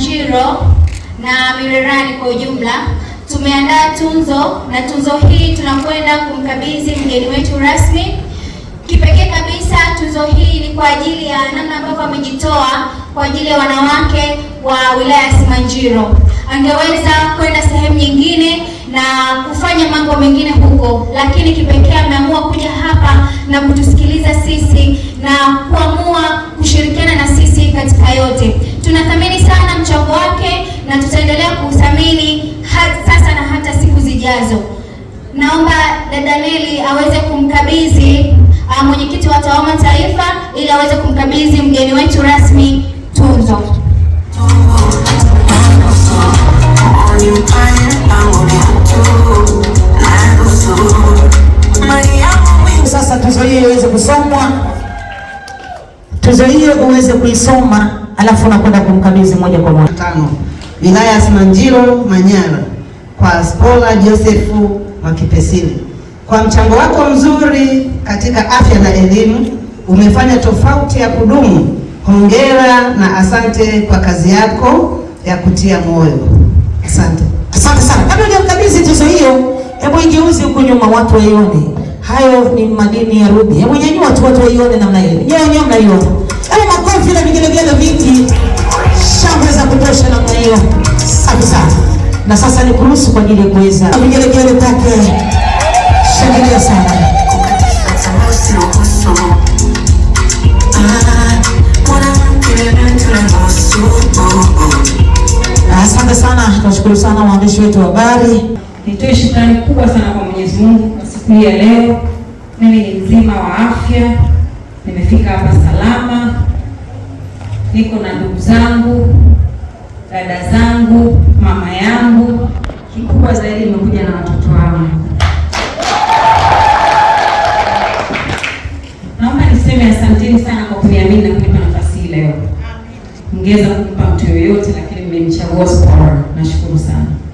Kilimanjaro na Mirerani kwa ujumla tumeandaa tunzo na tunzo hii tunakwenda kumkabidhi mgeni wetu rasmi. Kipekee kabisa, tunzo hii ni kwa ajili ya namna ambavyo amejitoa kwa ajili ya wanawake wa wilaya ya Simanjiro. Angeweza kwenda sehemu nyingine na kufanya mambo mengine huko, lakini kipekee ameamua kuja hapa na kutusikiliza sisi na kuamua kushirikiana na sisi katika yote. Tunathamini sana mchango wake na tutaendelea kuuthamini sasa na hata siku zijazo. Naomba dada Neli aweze kumkabidhi ah, mwenyekiti wa TAWOMA Taifa ili aweze kumkabidhi mgeni wetu rasmi tunzo. tuzo hiyo uweze kuisoma, alafu unakwenda kumkabidhi moja kwa moja. Tano, wilaya ya Simanjiro Manyara, kwa Spola Josefu Mwakipesile, kwa mchango wako mzuri katika afya na elimu, umefanya tofauti ya kudumu. Hongera na asante kwa kazi yako ya kutia moyo. Asante, asante sana. Kabla hujakabidhi tuzo hiyo, hebu ijiuzi huko nyuma, watu waione. Hayo ni madini ya rubi. Hebu nyanyua watu watu waione namna hiyo. Nyanyua nyanyua mnaiona. Hebu yaani makofi na vigelegele vingi. Shangwe za kutosha namna hiyo. Safi sana. Na sasa ni kuruhusu kwa ajili ya kuweza. Vigelegele take. Shangilia sana. Asante sana. Tunashukuru sana waandishi wetu wa habari. Nitoe shukrani kubwa sana kwa Mwenyezi Mungu. Siku ya leo mimi ni mzima wa afya, nimefika hapa salama, niko na ndugu zangu, dada zangu, mama yangu, kikubwa zaidi nimekuja na watoto wangu. Naomba niseme asanteni sana kwa kuniamini na kunipa nafasi hii leo. Mngeweza kumpa mtu yoyote, lakini mmenichagua Spora. Nashukuru sana.